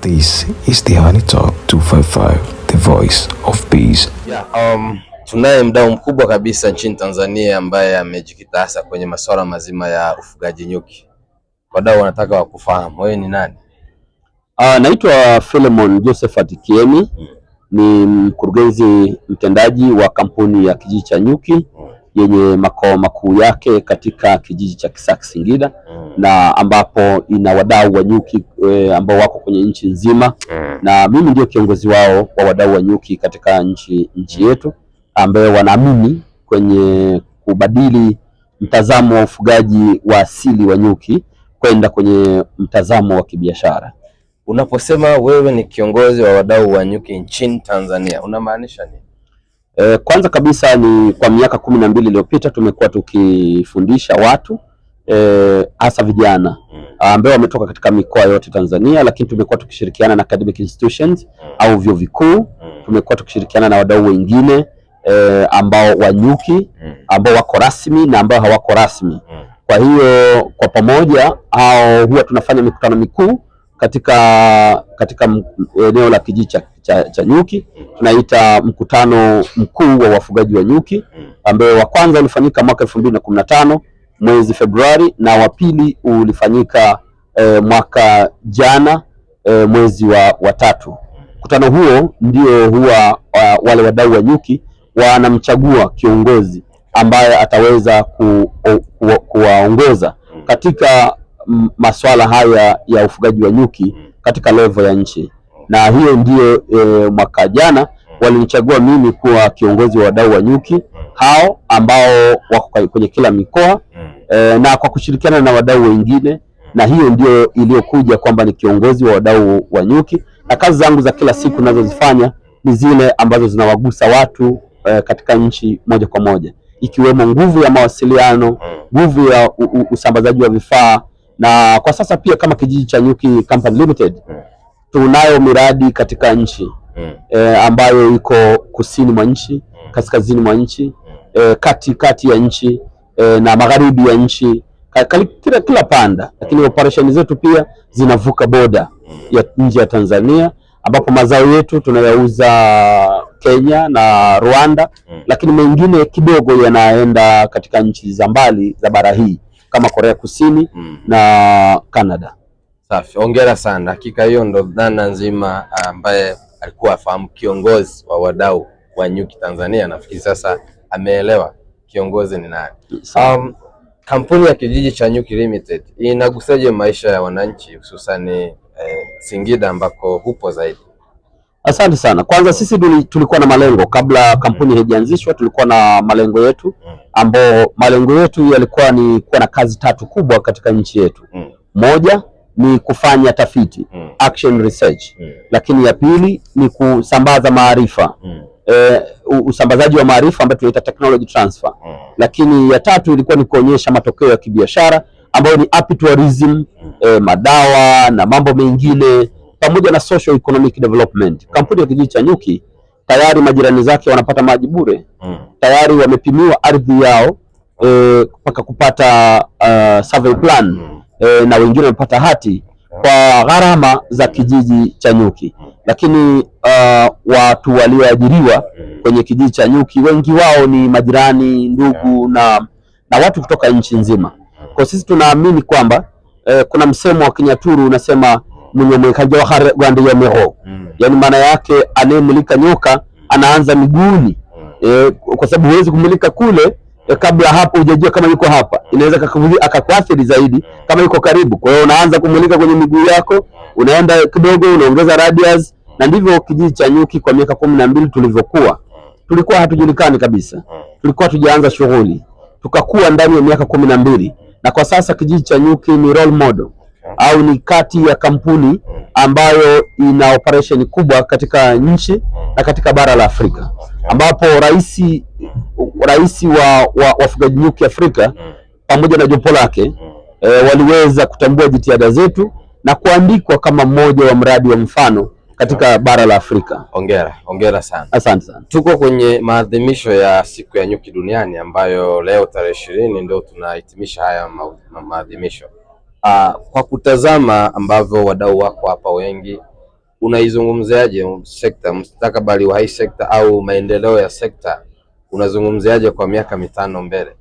This is the Honey Talk 255, the voice of peace. Yeah, um, tunaye mdau mkubwa kabisa nchini Tanzania ambaye amejikitasa kwenye masuala mazima ya ufugaji nyuki. Wadau wanataka wakufahamu wewe ni nani? Uh, naitwa Philemon Josephat Kiemi, hmm. Ni mkurugenzi mtendaji wa kampuni ya kijiji cha nyuki yenye makao makuu yake katika kijiji cha Kisaki Singida, mm. na ambapo ina wadau wa nyuki e, ambao wako kwenye nchi nzima mm. na mimi ndio kiongozi wao wa wadau wa nyuki katika nchi nchi mm. yetu, ambayo wanaamini kwenye kubadili mtazamo wa ufugaji wa asili wa nyuki kwenda kwenye mtazamo wa kibiashara. Unaposema wewe ni kiongozi wa wadau wa nyuki nchini Tanzania unamaanisha nini? E, kwanza kabisa ni kwa miaka kumi na mbili iliyopita tumekuwa tukifundisha watu eh, hasa e, vijana mm. ambao wametoka katika mikoa yote Tanzania, lakini tumekuwa tukishirikiana na academic institutions mm. au vyuo vikuu. Mm. Tumekuwa tukishirikiana na wadau wengine e, ambao wanyuki ambao wako rasmi na ambao hawako rasmi. Kwa hiyo kwa pamoja au huwa tunafanya mikutano mikuu katika katika eneo la kijiji cha cha, cha nyuki tunaita mkutano mkuu wa wafugaji wa nyuki ambao wa kwanza ulifanyika mwaka elfu mbili na kumi na tano mwezi Februari na wa pili ulifanyika e, mwaka jana e, mwezi wa, wa tatu. Mkutano huo ndio huwa wa, wale wadau wa nyuki wanamchagua kiongozi ambaye ataweza ku, ku, kuwaongoza katika masuala haya ya ufugaji wa nyuki katika levo ya nchi na hiyo ndiyo e, eh, mwaka jana mm. walinichagua mimi kuwa kiongozi wa wadau wa nyuki mm. hao ambao wako kwenye kila mikoa e, na kwa kushirikiana na wadau wengine, na hiyo ndio iliyokuja kwamba ni kiongozi wa wadau wa nyuki, na kazi zangu za kila siku ninazozifanya ni zile ambazo zinawagusa watu e, katika nchi moja kwa moja, ikiwemo nguvu ya mawasiliano, nguvu ya usambazaji wa vifaa, na kwa sasa pia kama kijiji cha Nyuki Company Limited tunayo miradi katika nchi mm. e, ambayo iko kusini mwa nchi mm. kaskazini mwa nchi mm. e, kati kati ya nchi e, na magharibi ya nchi kila, kila panda, lakini mm. operesheni zetu pia zinavuka boda mm. ya nje ya Tanzania ambapo mazao yetu tunayauza Kenya na Rwanda mm. lakini mengine kidogo yanaenda katika nchi za mbali za bara hii kama Korea Kusini mm. na Kanada. Safi, hongera sana. Hakika hiyo ndo dhana nzima ah, ambaye alikuwa afahamu kiongozi wa wadau wa nyuki Tanzania. Nafikiri sasa ameelewa kiongozi ni nani. Um, kampuni ya Kijiji cha Nyuki Limited inagusaje maisha ya wananchi hususani eh, Singida ambako hupo zaidi? Asante sana. Kwanza sisi tulikuwa na malengo kabla kampuni mm. haijaanzishwa, tulikuwa na malengo yetu mm. ambao malengo yetu yalikuwa ni kuwa na kazi tatu kubwa katika nchi yetu. Mm. Moja ni kufanya tafiti mm. action research mm. lakini ya pili ni kusambaza maarifa mm. E, usambazaji wa maarifa ambayo tunaita technology transfer mm. lakini ya tatu ilikuwa ni kuonyesha matokeo ya kibiashara ambayo ni tourism mm. e, madawa na mambo mengine pamoja na social economic development. Hmm. Kampuni ya kijiji cha nyuki tayari majirani zake wanapata maji bure mm. tayari wamepimiwa ardhi yao eh, mpaka e, kupata uh, survey plan mm e, na wengine wamepata hati kwa gharama za kijiji cha Nyuki, lakini uh, watu walioajiriwa kwenye kijiji cha Nyuki wengi wao ni majirani, ndugu na, na watu kutoka nchi nzima. Kwa sisi tunaamini kwamba e, kuna msemo wa Kinyaturu unasema mwenye mweka jawahari gwandiya mero, yani maana yake anayemulika nyoka anaanza miguuni e, kwa sababu huwezi kumulika kule Eh, kabla hapo hujajua kama yuko hapa, mm. inaweza akakuathiri zaidi mm. kama yuko karibu. Kwa hiyo unaanza kumulika kwenye miguu yako, mm. unaenda kidogo, unaongeza radius, na ndivyo kijiji cha nyuki kwa miaka kumi na mbili tulivyokuwa. Tulikuwa hatujulikani kabisa, tulikuwa tujaanza shughuli, tukakuwa ndani ya miaka kumi na mbili na kwa sasa kijiji cha nyuki ni role model au ni kati ya kampuni ambayo ina operation kubwa katika nchi na katika bara la Afrika ambapo rais rais wa wafugaji wa nyuki Afrika pamoja na jopo lake e, waliweza kutambua jitihada zetu na kuandikwa kama mmoja wa mradi wa mfano katika bara la Afrika. Hongera, hongera sana. Asante sana. Tuko kwenye maadhimisho ya siku ya nyuki duniani ambayo leo tarehe ishirini ndio tunahitimisha haya ma ma maadhimisho. Aa, ah, kwa kutazama ambavyo wadau wako hapa wengi unaizungumziaje sekta, mustakabali wa hii sekta au maendeleo ya sekta unazungumziaje kwa miaka mitano mbele?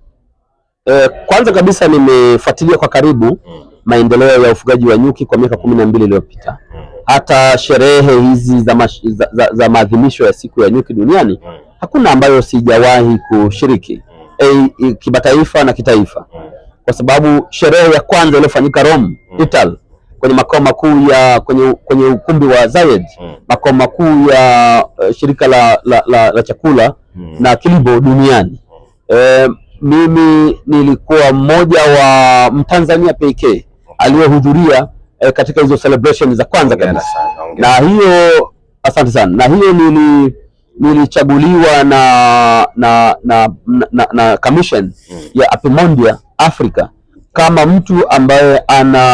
E, kwanza kabisa nimefuatilia kwa karibu mm. maendeleo ya ufugaji wa nyuki kwa miaka kumi na mbili iliyopita mm. hata sherehe hizi za, mash, za, za, za maadhimisho ya siku ya nyuki duniani mm. hakuna ambayo sijawahi kushiriki mm. e, kimataifa na kitaifa mm. kwa sababu sherehe ya kwanza iliyofanyika Rome mm. Italy kwenye makao makuu ya kwenye, kwenye ukumbi wa Zayed mm. makao makuu ya uh, shirika la, la, la, la chakula mm. na kilimo duniani mm. e, mimi nilikuwa mmoja wa Mtanzania pekee aliyehudhuria e, katika hizo celebration za kwanza kabisa na hiyo asante sana, na hiyo nili nilichaguliwa na na na na, na commission mm. ya Apimondia Africa kama mtu ambaye ana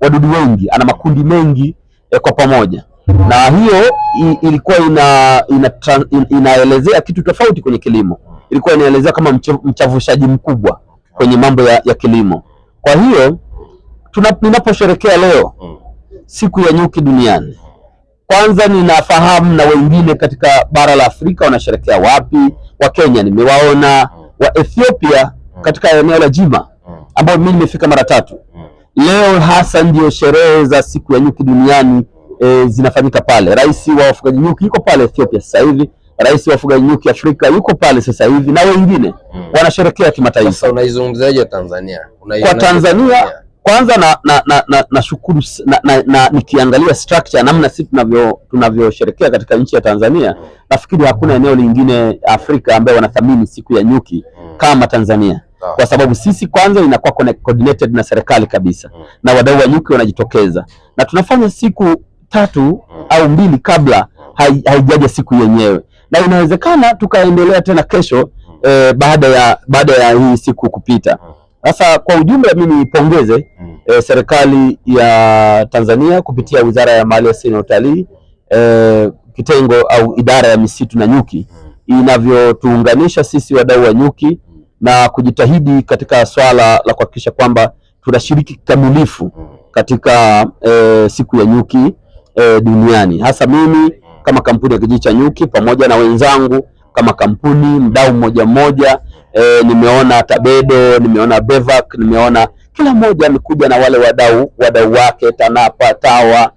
wadudu wengi, ana makundi mengi eh, kwa pamoja, na hiyo ilikuwa ina, ina, ina, inaelezea kitu tofauti kwenye kilimo, ilikuwa inaelezea kama mchafushaji mkubwa kwenye mambo ya, ya kilimo. Kwa hiyo ninaposherekea leo siku ya nyuki duniani, kwanza ninafahamu na wengine katika bara la Afrika wanasherekea wapi. Wa Kenya nimewaona, wa Ethiopia katika eneo la Jima ambayo mimi nimefika mara tatu Leo hasa ndio sherehe za siku ya nyuki duniani e, zinafanyika pale. Rais wa wafugaji nyuki yuko pale Ethiopia sasa hivi, rais wa wafugaji nyuki Afrika yuko pale sasa hivi na wengine hmm, wanasherekea kimataifa. Sasa unaizungumzaje Tanzania? Kwa Tanzania kwanza na, na, na, na, na shukuru na, na, na nikiangalia structure namna sisi tunavyo tunavyosherekea katika nchi ya Tanzania nafikiri hakuna eneo lingine Afrika ambayo wanathamini siku ya nyuki hmm. kama Tanzania kwa sababu sisi kwanza inakuwa coordinated na serikali kabisa mm. na wadau wa nyuki wanajitokeza na tunafanya siku tatu mm. au mbili kabla mm. haijaja siku yenyewe, na inawezekana tukaendelea tena kesho mm. eh, baada ya baada ya hii siku kupita. Mm. Sasa kwa ujumla, mimi nipongeze eh, serikali ya Tanzania kupitia Wizara ya Mali Asili na Utalii eh, kitengo au idara ya misitu na nyuki inavyotuunganisha sisi wadau wa nyuki na kujitahidi katika swala la kuhakikisha kwamba tunashiriki kikamilifu mm. katika e, siku ya nyuki e, duniani, hasa mimi kama kampuni ya kijiji cha nyuki pamoja na wenzangu kama kampuni mdau mmoja mmoja. E, nimeona Tabedo, nimeona Bevac, nimeona kila mmoja amekuja na wale wadau wadau wake TANAPA, TAWA,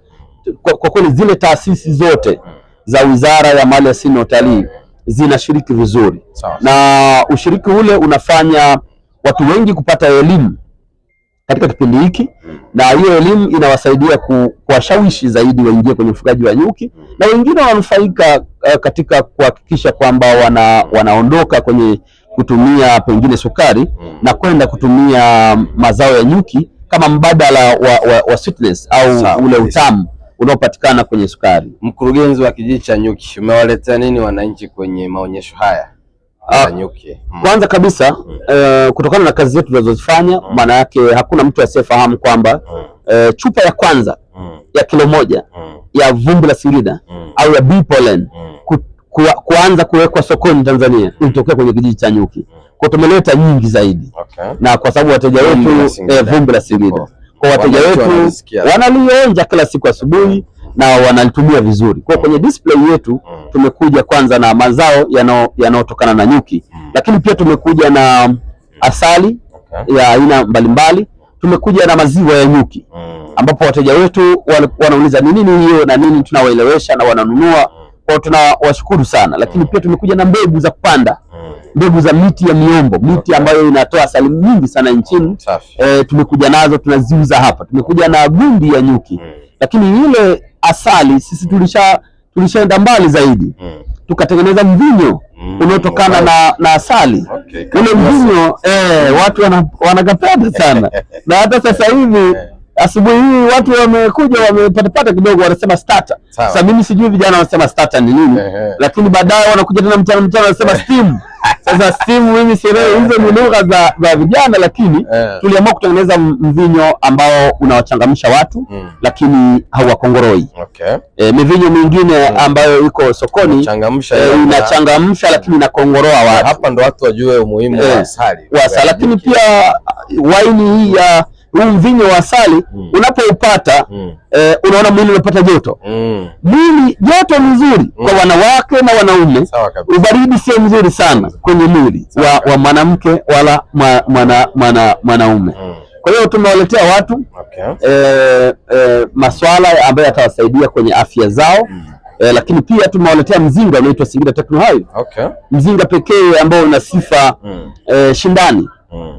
kwa kweli zile taasisi zote za Wizara ya Maliasili na Utalii zinashiriki vizuri sawa. Na ushiriki ule unafanya watu wengi kupata elimu katika kipindi hiki, na hiyo elimu inawasaidia kuwashawishi zaidi waingie kwenye ufugaji wa nyuki, na wengine wanufaika eh, katika kuhakikisha kwamba wana, wanaondoka kwenye kutumia pengine sukari na kwenda kutumia mazao ya nyuki kama mbadala wa, wa, wa sweetness au ule utamu unaopatikana kwenye sukari. Mkurugenzi wa kijiji cha Nyuki, umewaletea nini wananchi kwenye maonyesho haya? Ah, nyuki. Mm. Kwanza kabisa mm. Uh, kutokana na kazi zetu tunazozifanya mm. maana yake hakuna mtu asiyefahamu kwamba mm. uh, chupa ya kwanza mm. ya kilo moja mm. ya vumbi la singida mm. au ya bee pollen mm. ku, ku, kuanza kuwekwa sokoni Tanzania mm. ilitokea kwenye kijiji cha Nyuki, mm. kwa tumeleta nyingi zaidi okay. na kwa sababu wateja wetu vumbi la singida eh, kwa wateja wetu, wanalionja kila siku asubuhi na wanalitumia vizuri. Kwa kwenye display yetu mm. tumekuja kwanza na mazao yanayotokana na nyuki, mm. lakini pia tumekuja na mm. asali okay, ya aina mbalimbali. Tumekuja na maziwa ya nyuki ambapo wateja wetu wanauliza ni nini hiyo na nini, tunawaelewesha na wananunua kwao, tunawashukuru sana. Lakini pia tumekuja na mbegu za kupanda mbegu za miti ya miombo, miti ambayo inatoa asali nyingi sana nchini e, tumekuja nazo tunaziuza hapa. Tumekuja na gundi ya nyuki mm. lakini ile asali sisi tulisha tulishaenda mbali zaidi mm. tukatengeneza mvinyo mm. unaotokana na, na asali okay, ule mvinyo eh, watu wanakapenda sana na hata sasa hivi eh asubuhi hii watu wamekuja wamepatapata kidogo, wanasema starter. Sasa mimi sijui vijana wanasema starter ni nini, lakini baadaye wanakuja tena mchana mchana wanasema steam. Sasa steam mimi sielewi, hizo ni lugha za, za vijana, lakini eh. tuliamua kutengeneza mvinyo ambao unawachangamsha watu mm. lakini hauwakongoroi okay. E, mivinyo mingine mm. ambayo iko sokoni inachangamsha e, lakini inakongoroa watu. Hapa ndo watu wajue umuhimu wa asali, lakini pia waini hii ya huu mvinyo wa asali mm. unapoupata mm. eh, unaona mwili unapata joto mm. mwili joto ni nzuri mm. kwa wanawake na wanaume. Ubaridi sio mzuri sana kwenye mwili wa, wa mwanamke wala mwanaume mwana, mwana mm. Kwa hiyo tumewaletea watu okay. eh, eh, maswala ambayo yatawasaidia kwenye afya zao mm. eh, lakini pia tumewaletea mzinga unaitwa Singida Techno Hayo okay. mzinga pekee ambao una sifa mm. eh, shindani mm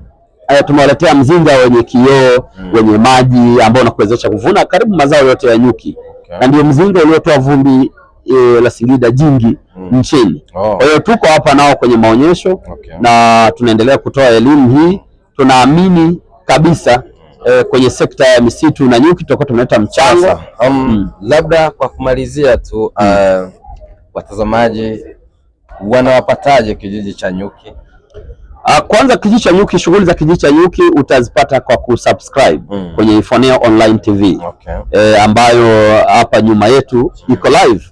e, tumewaletea mzinga wenye kioo mm. wenye maji ambao unakuwezesha kuvuna karibu mazao yote ya nyuki okay. na ndio mzinga uliotoa vumbi e, la Singida jingi mm. nchini. Oh. Kwa hiyo oh. tuko hapa nao kwenye maonyesho okay. na tunaendelea kutoa elimu hii, tunaamini kabisa e, kwenye sekta ya misitu na nyuki tutakuwa tunaleta mchango um, mm. labda kwa kumalizia tu mm. uh, watazamaji wanawapataje kijiji cha nyuki? Ah, kwanza kijiji cha nyuki, shughuli za kijiji cha nyuki utazipata kwa kusubscribe mm. kwenye Ifoneo Online TV okay. E, ambayo hapa nyuma yetu iko live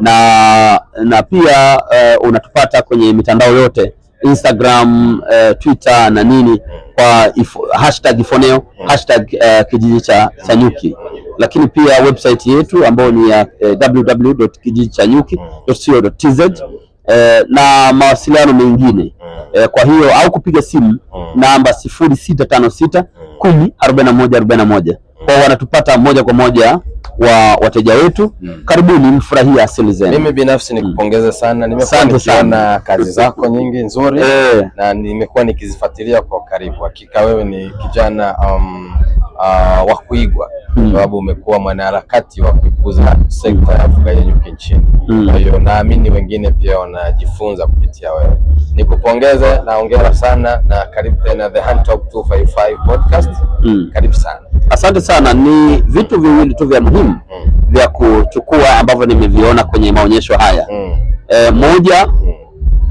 na, na pia uh, unatupata kwenye mitandao yote Instagram, uh, Twitter na nini kwa ifo, hashtag Ifoneo mm. hashtag uh, kijiji cha nyuki, lakini pia website yetu ambayo ni ya e, www.kijijichanYuki.co.tz eh, na mawasiliano mengine mm. eh, kwa hiyo au kupiga simu mm. namba sifuri sita tano sita kumi arobaini na moja arobaini na moja kwao mm. wanatupata moja kwa moja wa wateja wetu hmm. Karibuni mfurahia asili zenu. Mimi binafsi nikupongeze sana, nimekuwa nikiona kazi zako nyingi nzuri e, na nimekuwa nikizifuatilia kwa karibu. Hakika wewe ni kijana um, uh, wa kuigwa mm. sababu umekuwa mwanaharakati wa kuikuza sekta ya ufugaji nyuki nchini mm. Kwa hiyo naamini wengine pia wanajifunza kupitia wewe. Nikupongeze na hongera sana na karibu tena The Hunt Talk 255 podcast mm. Karibu sana, asante sana. Ni vitu viwili tu vya muhimu mm. vya kuchukua ambavyo nimeviona kwenye maonyesho haya mm. E, moja mm.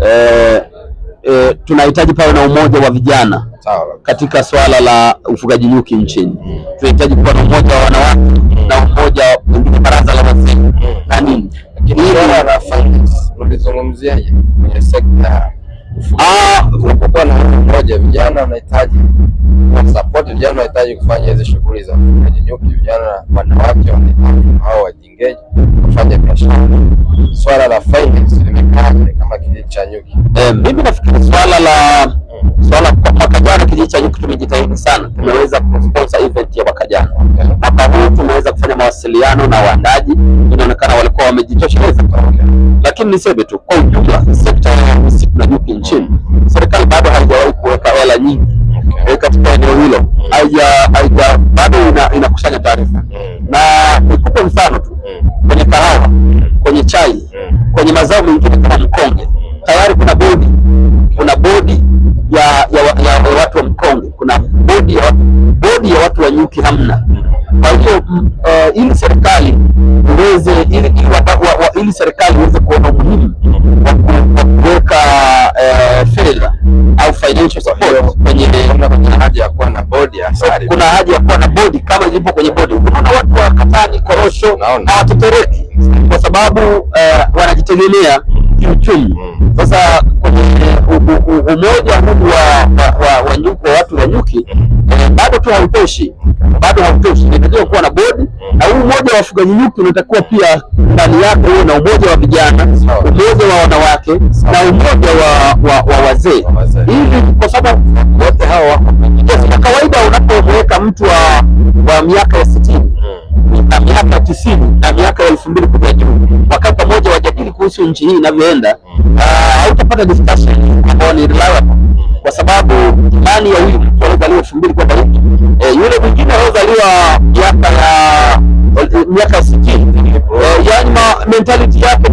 e, e, tunahitaji pawe na umoja wa vijana katika swala la ufugaji nyuki nchini mm. tunahitaji kuwa na umoja wa wanawake mm. na umoja pengine baraza la wazee mm. na nini Lakini unalizungumziaje kwenye sekta ah! unapokuwa na umoja, vijana wanahitaji support, vijana wanahitaji kufanya hizi shughuli za ufugaji nyuki, vijana wanawake wanahitaji hao wajingeje kufanya biashara. Swala la finance limekaa kama kijiji cha nyuki, eh, mimi nafikiri swala la swala kwa mwaka jana kijiji cha Nyuki tumejitahidi sana, tumeweza kusponsor event ya mwaka jana. Mwaka huu tumeweza kufanya mawasiliano na waandaji, inaonekana walikuwa wamejitosheleza. Lakini niseme tu kwa ujumla, sekta ya misitu na nyuki nchini, serikali bado haijawahi kuweka hela nyingi e, katika eneo hilo, haija bado inakusanya taarifa, na nikupe mfano tu kwenye kahawa, kwenye chai, kwenye mazao mengine kama mkonge, tayari kuna bodi kuna bodi bodi ya, bodi ya watu wa nyuki hamna. Kwa hiyo uh, ili serikali iweze ili, ili, ili serikali iweze kuona umuhimu wa kuweka uh, fedha au financial support kwenye, kuna haja ya kuwa na bodi ya asali, kuna haja ya kuwa na bodi kama ilivyo kwenye bodi. Unaona watu wa Katani, Korosho hawatetereki kwa sababu uh, wanajitegemea kiuchumi. Mm. Sasa kwenye umoja huu wa wa, wa watu wa nyuki eh, bado tu hautoshi, bado hautoshi. Inatakiwa kuwa na bodi, na huu umoja wa wafugaji nyuki unatakiwa pia ndani yake uwe na umoja wa vijana, umoja wa wanawake na umoja wa wazee, hivi kwa sababu wote hawa kwa kawaida unapoweka mtu wa miaka ya sitini na miaka tisini na miaka elfu mbili kuja juu, wakati pamoja, wajadili kuhusu nchi hii inavyoenda hautapata discussion ambayo ni reliable, kwa sababu ndani ya huyu mtu aliyozaliwa elfu mbili kwenda huku eh, yule mwingine aliyozaliwa miaka ya miaka sitini, eh, ma mentality yake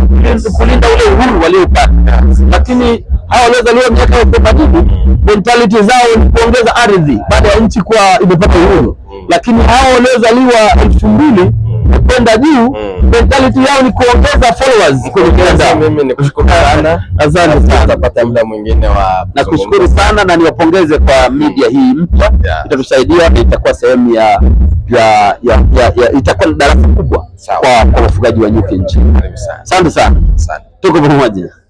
kulinda ule uhuru waliopata lakini hawa waliozaliwa miaka ya themanini mentality zao ni kuongeza ardhi baada ya nchi kuwa imepata uhuru, mm. lakini hawa waliozaliwa elfu mbili kwenda juu mm. mentality yao ni kuongeza followers kwenye kanda. Mimi nikushukuru sana, asante sana, tutapata muda mwingine wa nakushukuru sana na niwapongeze kwa mm. media mm. hii mpya yeah. itatusaidia na itakuwa sehemu ya ya, ya, ya, ya itakuwa ni darasa kubwa kwa wafugaji wa nyuki nchini. Asante sana, asante, tuko pamoja.